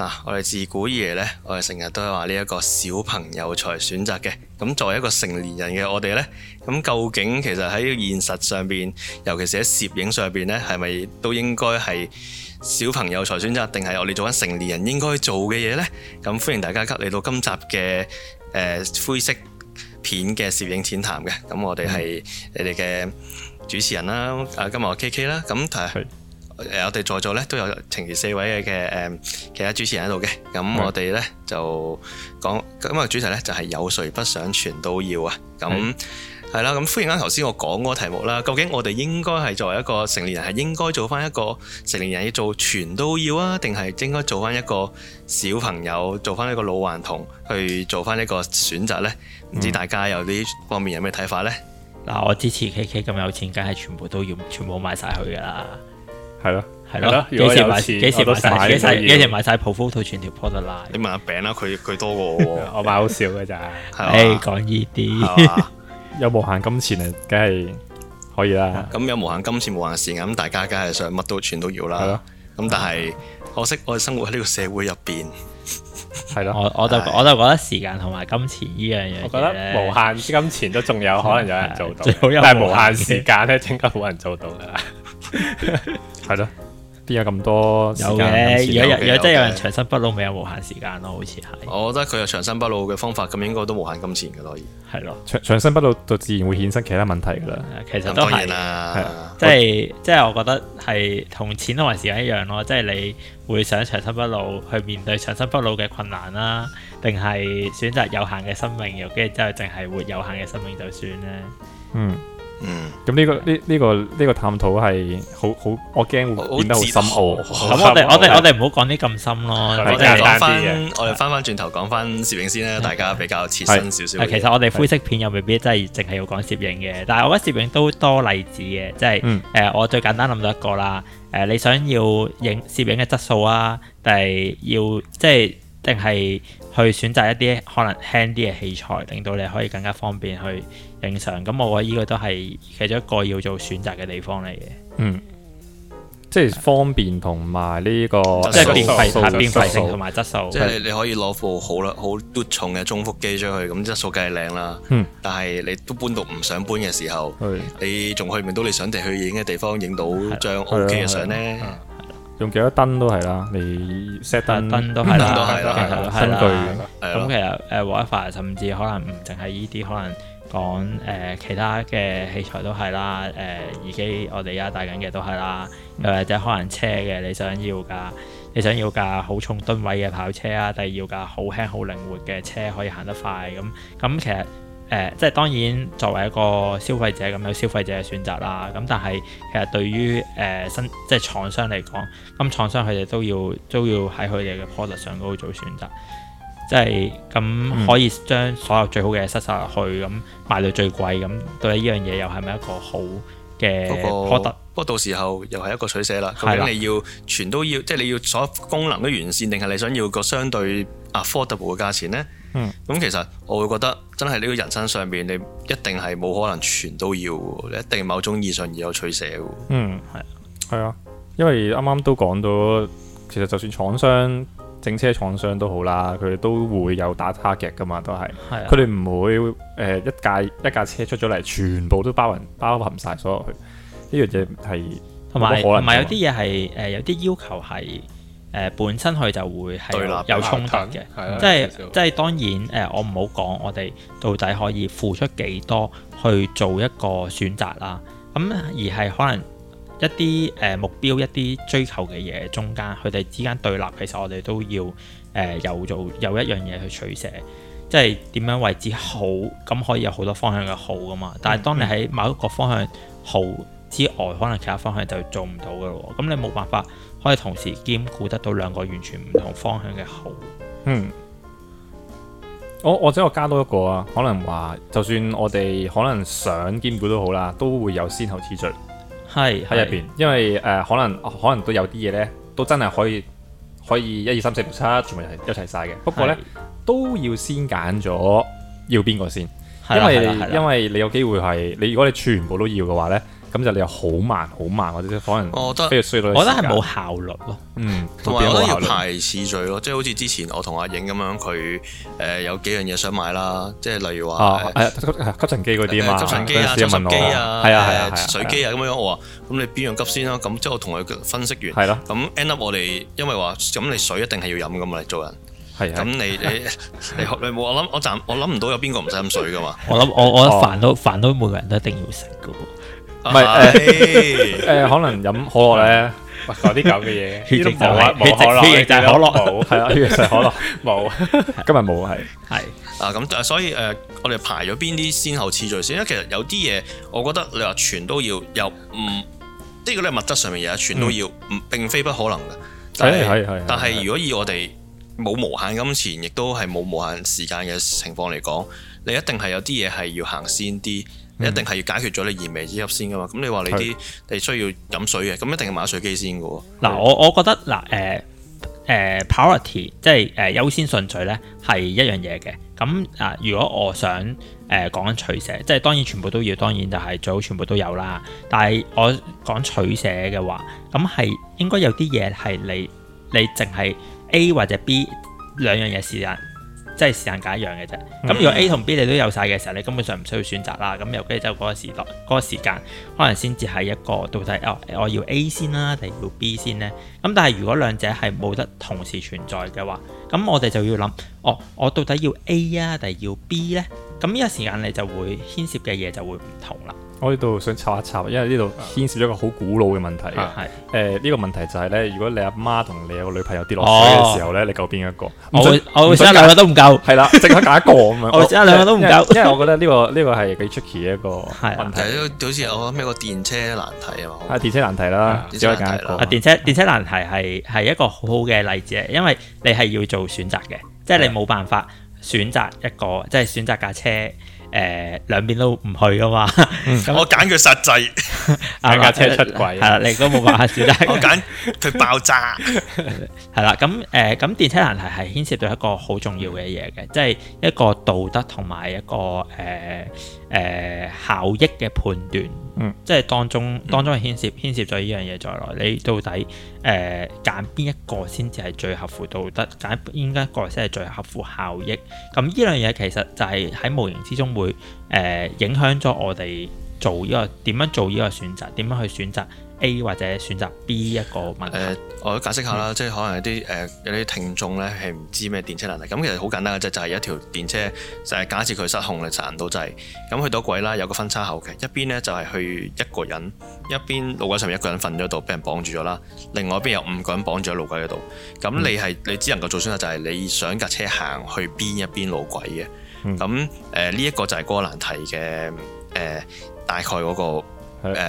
嗱、啊，我哋自古以嚟咧，我哋成日都係話呢一個小朋友才選擇嘅。咁作為一個成年人嘅我哋呢，咁究竟其實喺現實上邊，尤其是喺攝影上邊呢，係咪都應該係小朋友才選擇，定係我哋做緊成年人應該做嘅嘢呢？咁歡迎大家嚟到今集嘅誒、呃、灰識片嘅攝影淺談嘅。咁我哋係你哋嘅主持人啦，啊今日我 K K 啦，咁誒，我哋在座咧都有情年四位嘅、嘅誒其他主持人喺度嘅，咁我哋咧就講今日主題咧就係有誰不想全都要啊？咁係啦，咁歡是迎。啱頭先我講嗰個題目啦。究竟我哋應該係作為一個成年人，係應該做翻一個成年人要做全都要啊，定係應該做翻一個小朋友做翻一個老頑童去做翻一個選擇咧？唔知大家有啲方面有咩睇法咧？嗱、嗯，我支持 K K 咁有錢，梗係全部都要，全部買晒佢噶啦。係咯，係咯，幾時買？幾時買晒？幾時買晒 Portfolio 全條鋪都拉。你問阿餅啦，佢佢多過我，我買好少嘅咋。係講呢啲，有無限金錢啊，梗係可以啦。咁有無限金錢無限時間，咁大家梗係想乜都全都要啦。咁但係，可惜我哋生活喺呢個社會入邊，係咯。我就我就覺得時間同埋金錢呢樣嘢，我覺得無限金錢都仲有可能有人做到，但係無限時間咧，真係冇人做到噶啦。係咯，邊有咁多？有嘅，如果有有真有人長生不老，咪有無限時間咯，好似係。我覺得佢有長生不老嘅方法，咁應該都無限金錢噶咯，而係咯。長生不老就自然會衍生其他問題噶啦。其實都係，即係即係，我覺得係同錢同埋時間一樣咯。即係你會想長生不老去面對長生不老嘅困難啦，定係選擇有限嘅生命，又跟住之後淨係活有限嘅生命就算咧。嗯。嗯，咁呢個呢呢個呢個探討係好好，我驚會變得好深奧。咁我哋我哋我哋唔好講啲咁深咯。我哋係講翻，我哋翻翻轉頭講翻攝影先啦，大家比較切身少少。其實我哋灰色片又未必真係淨係要講攝影嘅，但係我覺得攝影都多例子嘅，即係誒，我最簡單諗到一個啦，誒，你想要影攝影嘅質素啊，定係要即係定係去選擇一啲可能輕啲嘅器材，令到你可以更加方便去。影相咁，我覺得依個都係其中一個要做選擇嘅地方嚟嘅。嗯，即係方便同埋呢個，即係便攜，便攜性同埋質素。即係你可以攞部好啦，好嘟重嘅中幅機出去，咁質素梗係靚啦。嗯，但係你都搬到唔想搬嘅時候，你仲去唔到你想地去影嘅地方，影到張屋企嘅相咧。用幾多燈都係啦，你 set 大燈都係，係啦，係啦，新據嘅。咁其實誒，wifi 甚至可能唔淨係依啲可能。講誒、呃、其他嘅器材都係啦，誒、呃、耳機我哋而家戴緊嘅都係啦，又或者可能車嘅你想要噶，你想要架好重噸位嘅跑車啊，定係要架好輕好靈活嘅車可以行得快咁？咁、嗯嗯、其實誒、呃、即係當然作為一個消費者咁有消費者嘅選擇啦，咁、嗯、但係其實對於誒、呃、新即係廠商嚟講，咁、嗯、廠商佢哋都要都要喺佢哋嘅 product 上高做選擇。即係咁可以將所有最好嘅嘢塞晒落去，咁、嗯、賣到最貴，咁對呢樣嘢又係咪一個好嘅 product 不，不過到時候又係一個取捨啦。咁的你要全都要，即、就、係、是、你要所有功能都完善，定係你想要個相對 affordable 嘅價錢呢？咁、嗯、其實我會覺得真係呢個人生上面，你一定係冇可能全都要，你一定某種意義上要有取捨。嗯，係啊，係啊，因為啱啱都講到，其實就算廠商。整車廠商都好啦，佢哋都會有打擦嘅噶嘛，都係。佢哋唔會誒、呃、一架一架車出咗嚟，全部都包含包含曬所有佢，呢樣嘢係同埋同埋有啲嘢係誒有啲、呃、要求係誒、呃、本身佢就會有，對了有衝突嘅。啊、的即係即係當然誒，我唔好講我哋到底可以付出幾多去做一個選擇啦。咁、啊啊、而係可能。一啲誒目標，一啲追求嘅嘢，中間佢哋之間對立，其實我哋都要誒有、呃、做有一樣嘢去取捨，即係點樣為之好，咁可以有好多方向嘅好噶嘛。但係當你喺某一個方向好之外，可能、嗯嗯、其他方向就做唔到嘅喎。咁你冇辦法可以同時兼顧得到兩個完全唔同方向嘅好。嗯，我或者我加多一個啊，可能話就算我哋可能想兼顧都好啦，都會有先後次序。係喺入邊，因為誒、呃、可能可能都有啲嘢咧，都真係可以可以一二三四六七全部一齊晒嘅。不過咧，是都要先揀咗要邊個先，因為因為你有機會係你如果你全部都要嘅話咧。咁就你又好慢好慢，或者可能都要需要，我覺得係冇效率咯。嗯，同埋我覺得要排次序咯，即係好似之前我同阿影咁樣，佢誒有幾樣嘢想買啦，即係例如話吸塵機嗰啲啊，吸塵機啊、吸塵機啊、係啊、係啊、水機啊咁樣。我話咁你邊樣急先啦？咁即係我同佢分析完係咁 end up 我哋因為話咁你水一定係要飲噶嘛，做人係咁，你你你冇我諗我我諗唔到有邊個唔使飲水噶嘛。我諗我我飯都飯都每個人都一定要食噶。唔係誒，可能飲可樂咧，嗰啲咁嘅嘢，呢啲冇冇可樂，係 啊，呢啲係可樂，冇今日冇係係啊，咁所以誒、呃，我哋排咗邊啲先後次序先，因為其實有啲嘢，我覺得你話全，全都要，又唔即係嗰啲物質上面嘢，全都要，唔並非不可能嘅。但係如果以我哋冇無限金錢，亦都係冇無限時間嘅情況嚟講，你一定係有啲嘢係要行先啲。嗯、一定係要解決咗你燃眉之急先噶嘛，咁你話你啲係是的 需要飲水嘅，咁一定要買水機先嘅喎。嗱、嗯是的，我我覺得嗱，誒、呃、誒、呃、priority 即係誒、呃、優先順序咧，係一樣嘢嘅。咁啊、呃，如果我想誒、呃、講取捨，即係當然全部都要，當然就係、是、最好全部都有啦。但係我講取捨嘅話，咁係應該有啲嘢係你你淨係 A 或者 B 兩樣嘢時間。即係時間架一樣嘅啫，咁、嗯、如果 A 同 B 你都有晒嘅時候，你根本上唔需要選擇啦。咁由佢就嗰個時代、嗰、嗰個時間，可能先至係一個到底哦，我要 A 先啦，定要 B 先呢？咁但係如果兩者係冇得同時存在嘅話，咁我哋就要諗，哦，我到底要 A 啊，定要 B 呢？咁呢個時間你就會牽涉嘅嘢就會唔同啦。我呢度想插一插，因為呢度牽涉咗個好古老嘅問題嘅。誒，呢個問題就係咧，如果你阿媽同你有個女朋友跌落水嘅時候咧，你救邊一個？我我兩個都唔夠，係啦，即刻揀一個咁樣。我兩個都唔夠，因為我覺得呢個呢個係幾 tricky 一個問題，好似我咩個電車難題啊嘛。啊，電車難題啦，只可以揀一個。電車電車難題係係一個好好嘅例子，因為你係要做選擇嘅，即係你冇辦法選擇一個，即係選擇架車。誒、呃、兩邊都唔去噶嘛，咁、 嗯、我揀佢實際架 啊、車出軌、啊，係啦、 啊，你都冇辦法少單。 我揀佢爆炸，係 啦、 啊，咁、嗯、誒，咁、嗯嗯、電車難題係牽涉到一個好重要嘅嘢嘅，即、就、係、是、一個道德同埋一個誒。呃誒、呃、效益嘅判斷，嗯，即係當中、嗯、當中係牽涉牽涉咗呢樣嘢在內，你到底誒揀邊一個先至係最合乎道德，揀邊一個先係最合乎效益？咁呢樣嘢其實就係喺無形之中會誒、呃、影響咗我哋。做呢個點樣做呢個選擇，點樣去選擇 A 或者選擇 B 一個問題？誒，我解釋下啦，即係可能有啲誒有啲聽眾呢，係唔知咩電車難題。咁其實好簡單嘅啫，就係一條電車，就係假設佢失控啦，行到就滯，咁去到軌啦，有個分叉口嘅，一邊呢就係去一個人，一邊路軌上面一個人瞓咗度，俾人綁住咗啦。另外一邊有五個人綁住喺路軌嗰度。咁你係你只能夠做選擇，就係你想架車行去邊一邊路軌嘅。咁誒呢一個就係嗰個難題嘅誒。大概嗰個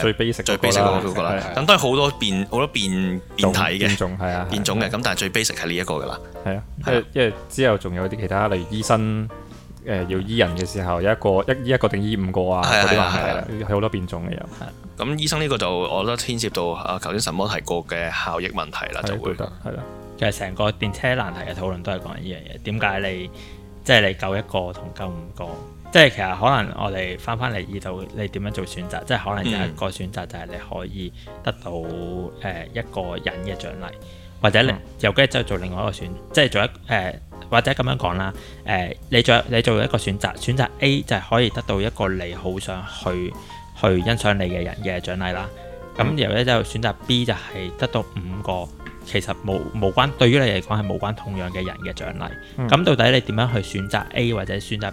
最 basic 最 basic 嗰個啦，咁都係好多變好多變變體嘅變種係啊變種嘅，咁但係最 basic 係呢一個噶啦，係啊，因因為之後仲有啲其他，例如醫生誒要醫人嘅時候，有一個一醫一個定醫五個啊嗰啲問題啦，係好多變種嘅又，咁醫生呢個就我覺得牽涉到啊頭先神魔提過嘅效益問題啦，就會係咯，其實成個電車難題嘅討論都係講呢樣嘢，點解你即係你救一個同救五個？即係其實可能我哋翻翻嚟意到你點樣做選擇，即係可能有一個選擇就係你可以得到誒、呃、一個人嘅獎勵，或者咧、嗯、由嗰就做另外一個選擇，即係做一誒、呃、或者咁樣講啦誒，你做你做一個選擇，選擇 A 就係可以得到一個你好想去去欣賞你嘅人嘅獎勵啦。咁然後咧就選擇 B 就係得到五個其實無無關對於你嚟講係無關痛癢嘅人嘅獎勵。咁、嗯、到底你點樣去選擇 A 或者選擇？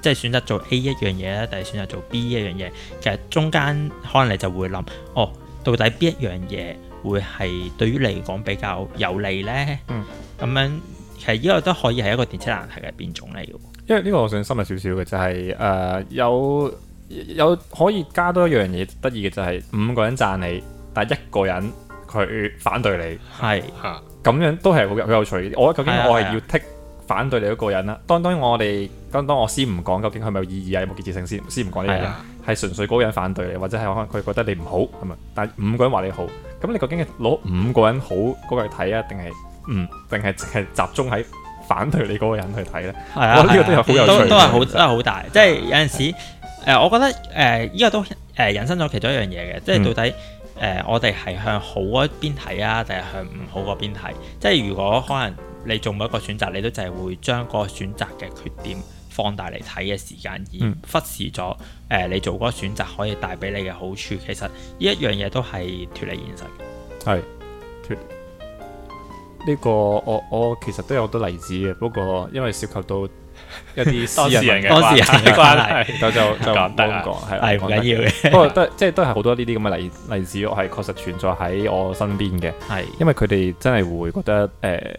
即係選擇做 A 一樣嘢咧，定係選擇做 B 一樣嘢？其實中間可能你就會諗，哦，到底邊一樣嘢會係對於你嚟講比較有利呢？嗯，咁樣其實呢個都可以係一個電車難題嘅變種嚟嘅。因為呢個我想深入少少嘅就係、是、誒、呃、有有，有可以加多一樣嘢得意嘅就係、是、五個人讚你，但一個人佢反對你係嚇，咁樣都係好好有趣。我究竟我係要剔、啊？反對你嗰個人啦，當當我哋當當我先唔講究竟佢係咪有意義啊，有冇建設性先，先唔講呢樣嘢，係是、啊、純粹嗰個人反對你，或者係可能佢覺得你唔好咁啊。但五個人話你好，咁你究竟係攞五個人好嗰個去睇啊，定係嗯，定係係集中喺反對你嗰個人去睇咧？係是啊，啊，呢個都有好有趣，都都係好都係好大。是啊、即係有陣時誒是、啊呃，我覺得誒依、呃呢個都誒引申咗其中一樣嘢嘅，即係到底誒我哋係向好嗰邊睇啊，定係向唔好嗰邊睇？即係如果可能。你做每一個選擇，你都就係會將嗰個選擇嘅缺點放大嚟睇嘅時間，而忽視咗誒、呃，你做嗰個選擇可以帶俾你嘅好處。其實呢一樣嘢都係脫離現實。係脫呢個我，我我其實都有好多例子嘅，不過因為涉及到一啲私人嘅關係，就就簡單講，係唔緊要嘅。不過 都即係都係好多呢啲咁嘅例例子，我係確實存在喺我身邊嘅。係， 因為佢哋真係會覺得誒。呃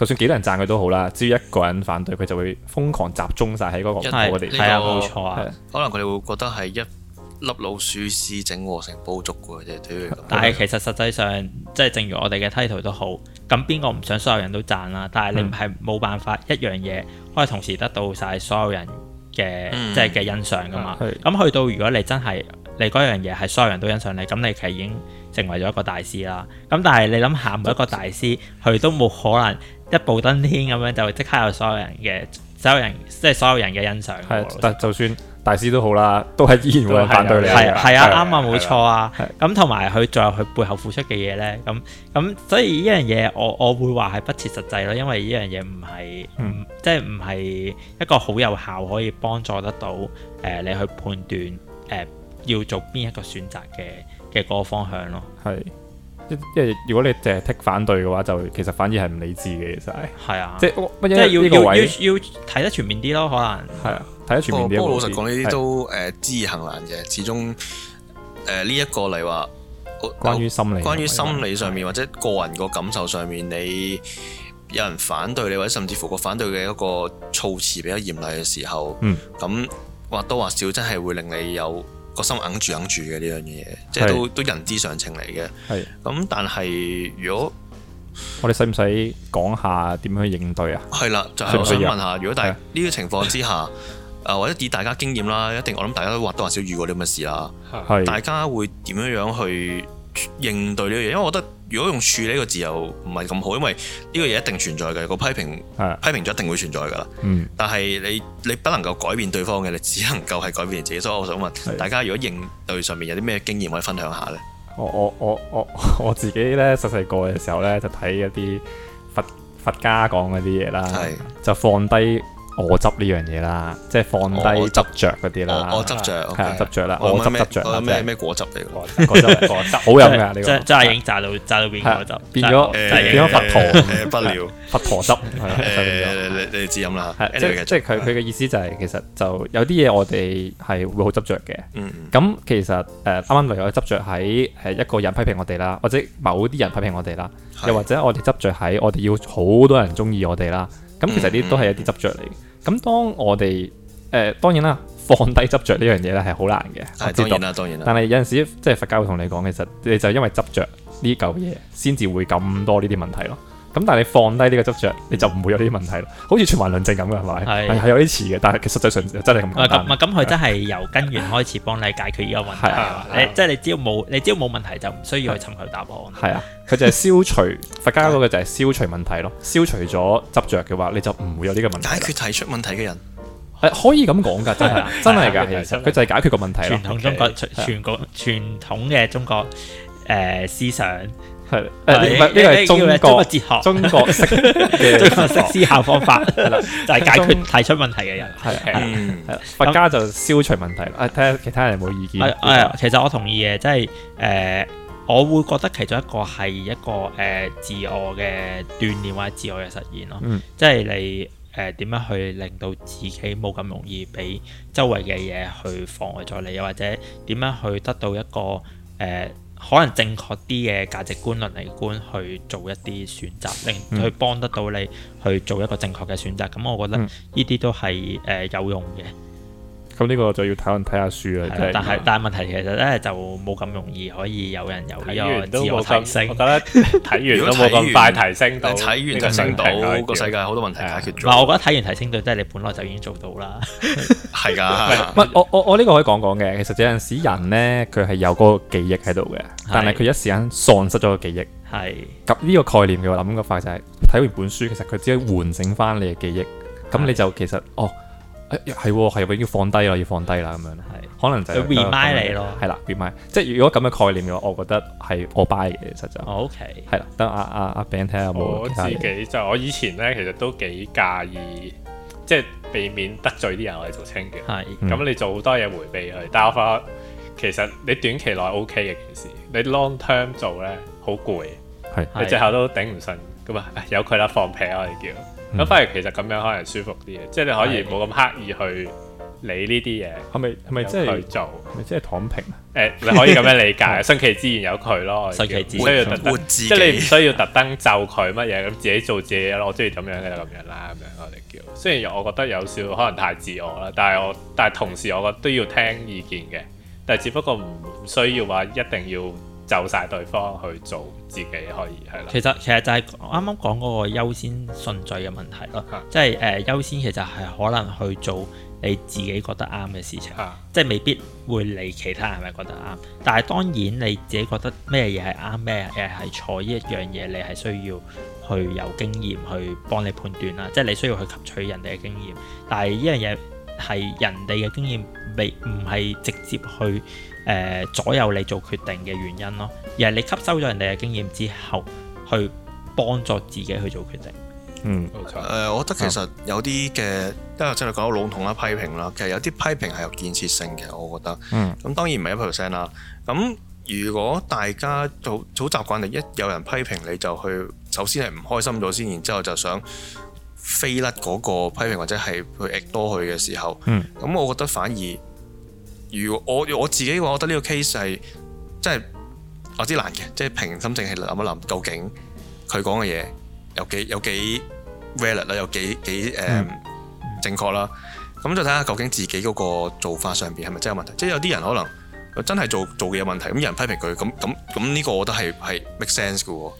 就算幾多人讚佢都好啦，只要一個人反對，佢就會瘋狂集中晒喺嗰個嗰是看、這個地方冇錯啊，是可能佢哋會覺得係一粒老鼠屎整鑊成煲粥嘅，但係其實實際上，即、就、係、是、正如我哋嘅 title 都好，咁邊個唔想所有人都讚啦？但係你唔係冇辦法、嗯、一樣嘢可以同時得到晒所有人嘅、嗯、即係嘅欣賞㗎嘛？咁是去到如果你真係你嗰樣嘢係所有人都欣賞你，咁你其實已經成為咗一個大師啦。咁但係你諗下，每一個大師佢都冇可能。一步登天，咁樣就即刻有所有人嘅、所有人，即係所有人嘅欣賞。但係就算大師都好啦，都係依然會反對你。係，係啊，啱啊，冇錯啊。咁同埋佢仲有佢背後付出嘅嘢呢。咁，咁所以呢樣嘢我，我會話係不切實際咯，因為呢樣嘢唔係唔，即係唔係一個好有效可以幫助得到誒、呃、你去判斷誒、呃、要做邊一個選擇嘅、嘅嗰個方向咯。係。即係如果你淨係剔反對嘅話，就其實反而係唔理智嘅，其實係。係啊，即係要要要睇得全面啲咯，可能。係啊，睇得全面啲。不過、哦、老實講，呢啲、啊、都誒、呃、知易行難嘅，始終誒呢一個嚟話，關於心理，關於心理上面、啊、或者個人個感受上面，你有人反對你，或者甚至乎個反對嘅一個措辭比較嚴厲嘅時候，嗯，咁或多或少真係會令你有。個心揞住揞住嘅呢樣嘢，即係都都是的 人之常情嚟嘅。係咁，但係如果我哋使唔使講下點樣去應對啊？係啦，就係、是、我想問下，如果大呢啲的情況之下，誒是的 或者以大家經驗啦，一定我諗大家都或多或少遇過啲咁嘅事啦。是的 大家會點樣樣去應對呢樣嘢？因為我覺得。如果用處呢個字又唔係咁好，因為呢個嘢一定存在嘅，個批評的批評就一定會存在㗎啦。嗯，但係你你不能夠改變對方嘅，你只能夠係改變自己。所以我想問的大家，如果應對上面有啲咩經驗可以分享下呢？我我我我我自己呢，細細個嘅時候呢，就睇一啲佛佛家講嗰啲嘢啦，係的就放低。果汁呢樣嘢啦，即係放低執着嗰啲啦。果汁執着，執着，啦。我啱啱執著，咩咩果汁嚟㗎？果汁，果汁，好飲嘅你即係阿影炸到炸變果汁，變咗誒變咗佛陀，佛尿，佛陀汁，係你哋知你飲啦。即係佢佢嘅意思就係其實就有啲嘢我哋係會好執着嘅。咁其實誒啱啱又有執着喺係一個人批評我哋啦，或者某啲人批評我哋啦，又或者我哋執着喺我哋要好多人中意我哋啦。咁其實呢啲都係一啲執着嚟。咁、呃，當我哋誒當然啦，放低執着呢樣嘢咧係好難嘅，係、哎、知道。當然、當然，但係有陣時，即係佛教會同你講，其實你就因為執着呢嚿嘢，先至會咁多呢啲問題咯。咁但係你放低呢個執着，你就唔會有呢啲問題咯，好似循環論證咁嘅係咪？係，係有啲似嘅，但係實際上真係咁。唔，咁，佢真係由根源開始幫你解決呢個問題。即係你只要冇，你只要冇問題就唔需要去尋求答案。係啊，佢就係消除佛家嗰個就係消除問題咯，消除咗執着嘅話，你就唔會有呢個問題。解決提出問題嘅人，可以咁講噶，真係真係噶，其實佢就係解決個問題啦。傳統中國，全國傳統嘅中國誒思想。呢個係中國哲學，中國式哲學思考方法就係解決提出問題嘅人。係係，佛家就消除問題啦。睇下其他人有冇意見。其實我同意嘅，即係，誒，我會覺得其中一個係一個誒自我嘅鍛煉或者自我嘅實現咯。即係你誒點樣去令到自己冇咁容易俾周圍嘅嘢去妨礙咗你，又或者點樣去得到一個誒。可能正確啲嘅價值觀、倫理觀去做一啲選擇，令佢幫得到你去做一個正確嘅選擇。咁我覺得呢啲都係誒、呃、有用嘅。咁呢個就要睇睇下書啦。但係但係問題其實咧就冇咁容易可以有人有呢個自我提升。睇完都冇咁快提升到，睇完提升到個世界好多問題解決咗。嗱，我覺得睇完提升到即係你本來就已經做到啦。係噶，唔係我我我呢個可以講講嘅。其實有陣時人咧佢係有嗰個記憶喺度嘅，但係佢一時間喪失咗個記憶。係。咁呢個概念嘅話，諗個法就係睇完本書，其實佢只可以喚醒翻你嘅記憶。咁你就其實哦。誒，係喎，係喎，要放低啦，要放低啦，咁樣，係，可能就 remind 你咯，係啦，remind，即係如果咁嘅概念嘅話，我覺得係我。buy 嘅，實質。OK，係啦，等阿阿阿餅睇下冇其他嘢。我自己就我以前咧，其實都幾介意，即係避免得罪啲人，我哋做清嘅，係。咁你做好多嘢回避佢，但係我發覺其實你短期內 OK 嘅件事，你 long term 做咧好攰，係，你最後都頂唔順，咁啊有佢啦放平我哋叫。咁、嗯、反而其實咁樣可能舒服啲嘅，即係你可以冇咁刻意去理呢啲嘢，係咪係咪即係做，咪即係躺平？誒、欸，你可以咁樣理解，順、 嗯、其自然有佢咯。順其自然，即係你唔需要特登就佢乜嘢，咁自己做自己咯。我中意咁樣嘅就咁樣啦，咁、嗯、樣我哋叫。雖然我覺得有少可能太自我啦，但係我但係同時我覺得都要聽意見嘅，但係只不過唔需要話一定要。就晒對方去做，自己可以係啦。其實其實就係啱啱講嗰個優先順序嘅問題咯，啊、即係誒、呃、優先其實係可能去做你自己覺得啱嘅事情，啊、即係未必會理其他人係咪覺得啱。但係當然你自己覺得咩嘢係啱，咩嘢係錯呢一樣嘢，你係需要去有經驗去幫你判斷啦，即係你需要去吸取人哋嘅經驗。但係呢樣嘢。係人哋嘅經驗未唔係直接去誒、呃、左右你做決定嘅原因咯，而係你吸收咗人哋嘅經驗之後，去幫助自己去做決定。嗯，誒 Okay.、呃，我覺得其實有啲嘅，因為真係講到籠統啦，批評啦，其實有啲批評係有建設性嘅，我覺得。嗯。咁當然唔係一 percent 啦。咁如果大家早好習慣，你一有人批評你就去，首先係唔開心咗先，然之後就想，飛甩嗰個批評或者係去 ignore 佢嘅時候，咁、嗯、我覺得反而，如果我我自己嘅話，我覺得呢個 case 係，真係我知難嘅，即係平心靜氣諗一諗，究竟佢講嘅嘢，有幾有幾 valid 啦，有幾幾誒正確啦，咁就睇下，究竟自己嗰個做法上邊係咪真係有問題？即係有啲人可能真係做做嘢有問題，咁有人批評佢，咁咁咁呢個我覺得係係 make sense 嘅喎，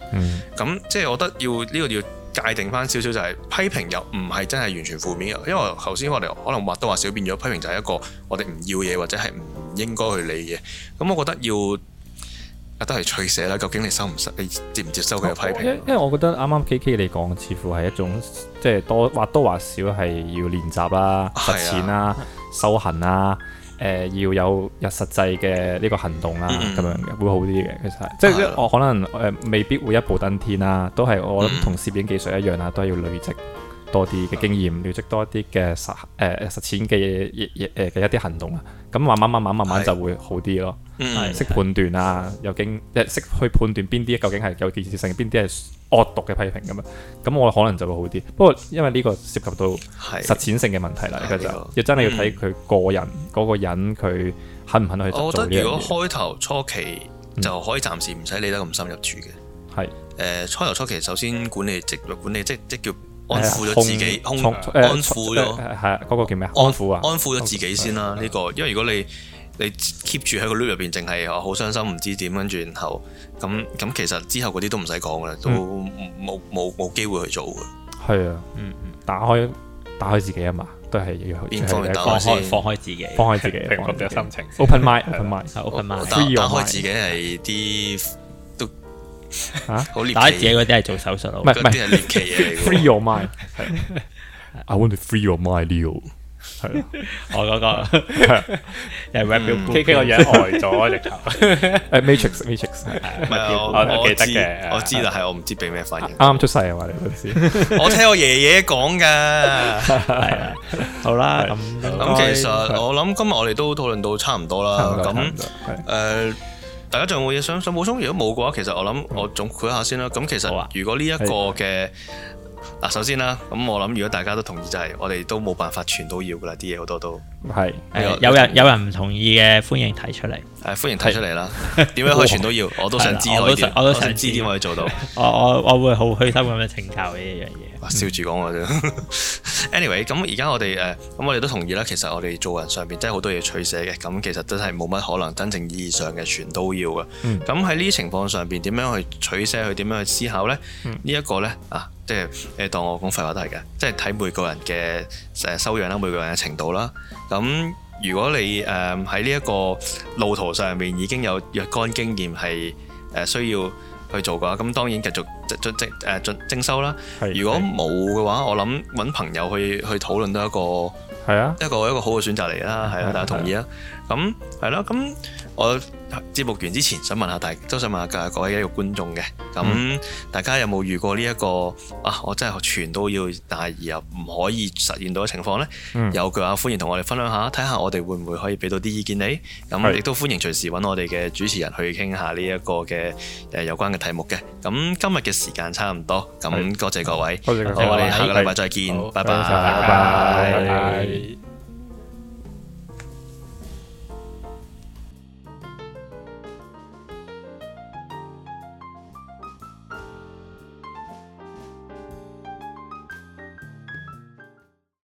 咁、嗯、即係我覺得要呢、這個要。要界定翻少少就係、是、批評又唔係真係完全負面嘅，因為頭先我哋可能或多或少變咗批評就係一個我哋唔要嘢或者係唔應該去理嘢。咁我覺得要都係取捨啦。究竟你收唔收？你接唔接收佢嘅批評？因為我覺得啱啱 K K 嚟講似乎係一種即係、就是、多或多或少係要練習啦、啊、實踐啦、啊、修行啦、啊。誒、呃、要有有實際嘅呢個行動啊，咁、嗯、樣嘅會好啲嘅。其實、啊、即係我可能誒、呃、未必會一步登天啦、啊，都係我諗同攝影技術一樣啦、啊，都係要累積多啲嘅經驗，嗯、累積多啲嘅實誒、呃、實踐嘅嘢嘅一啲行動啊。咁慢慢慢慢慢慢就會好啲咯，識是、嗯、判斷啊，又經即係識去判斷邊啲究竟係有建設性，邊啲係惡毒嘅批評咁啊，咁我可能就會好啲。不過因為呢個涉及到實踐性嘅問題啦，而家就要真係要睇佢個人嗰、嗯、個人佢肯唔肯去。我覺得如果開頭初期就可以暫時唔使理得咁深入住嘅。係誒的，開頭、呃、初，初期首先管理即係管理即即叫安撫咗自己，安撫咗係嗰個叫咩啊？安撫啊，安撫咗自己先啦。呢個、嗯嗯、因為如果你你 keep 住喺個 loop 入邊，淨係好傷心，唔知點樣轉頭，然後咁咁，其實之後嗰啲都唔使講啦，都冇冇冇機會去做嘅。係啊，打開打開自己啊嘛，都係要放開放開自己，放開自己，平復嘅心情。Open mind，open mind，open mind，free your mind。打開自己係啲都嚇，打開自己嗰啲係做手術啊，唔係唔係，係練技啊。Free your mind。I want to free your mind, Leo。係咯，我嗰個又係 wrap u 個嘢呆咗直頭，Matrix Matrix 係，我我記得嘅，我知啦，係我唔知俾咩反應，啱出世啊嘛，你都知。我聽我爺爺講噶，係啦，好啦，咁其實我諗今日我哋都討論到差唔多啦，咁誒，大家仲有冇嘢想想補充？如果冇嘅話，其實我諗我總括下先啦。咁其實如果呢一個嘅。嗱，首先啦，咁我諗如果大家都同意就係、是，我哋都冇辦法全都要噶啦，啲嘢好多都係是、這個，有人有人唔同意嘅，歡迎提出嚟，係、啊、歡迎提出嚟啦。點樣是可以全 都要？我都想知我都想，我想知點 可，可以做到。 我我我會好虛心咁樣請教呢一樣嘢。笑住講我啫。Anyway 咁而家我哋誒咁我哋都同意啦，其實我哋做人上面真係好多嘢取捨嘅，咁其實真係冇乜可能真正意義上嘅全都要嘅。咁喺呢啲情況上邊，點樣去取捨去點樣去思考呢？呢一、嗯、個呢，啊，即係誒當我講廢話都係嘅，即係睇每個人嘅誒修養啦，每個人嘅程度啦。咁如果你誒喺呢一個路途上面已經有若干經驗係誒需要去做嘅話，咁當然繼續進進誒進修啦，是如果冇嘅話，的我諗揾朋友去去討論都一個係啊的一個一個好嘅選擇嚟啦，係啊的大家同意啊，咁係咯咁。我節目完之前想問下大，都想問下各位一個觀眾嘅，咁大家有冇遇過呢、這、一個啊？我真係全都要而入，但係又唔可以實現到嘅情況呢？嗯、有嘅話歡迎同我哋分享下，睇下我哋會唔會可以俾到啲意見你。咁亦都歡迎隨時揾我哋嘅主持人去傾下呢一個嘅有關嘅題目嘅。咁今日嘅時間差唔多，咁多謝各位，謝謝，好，我哋下個禮拜再見，拜拜，拜拜。拜拜，拜拜。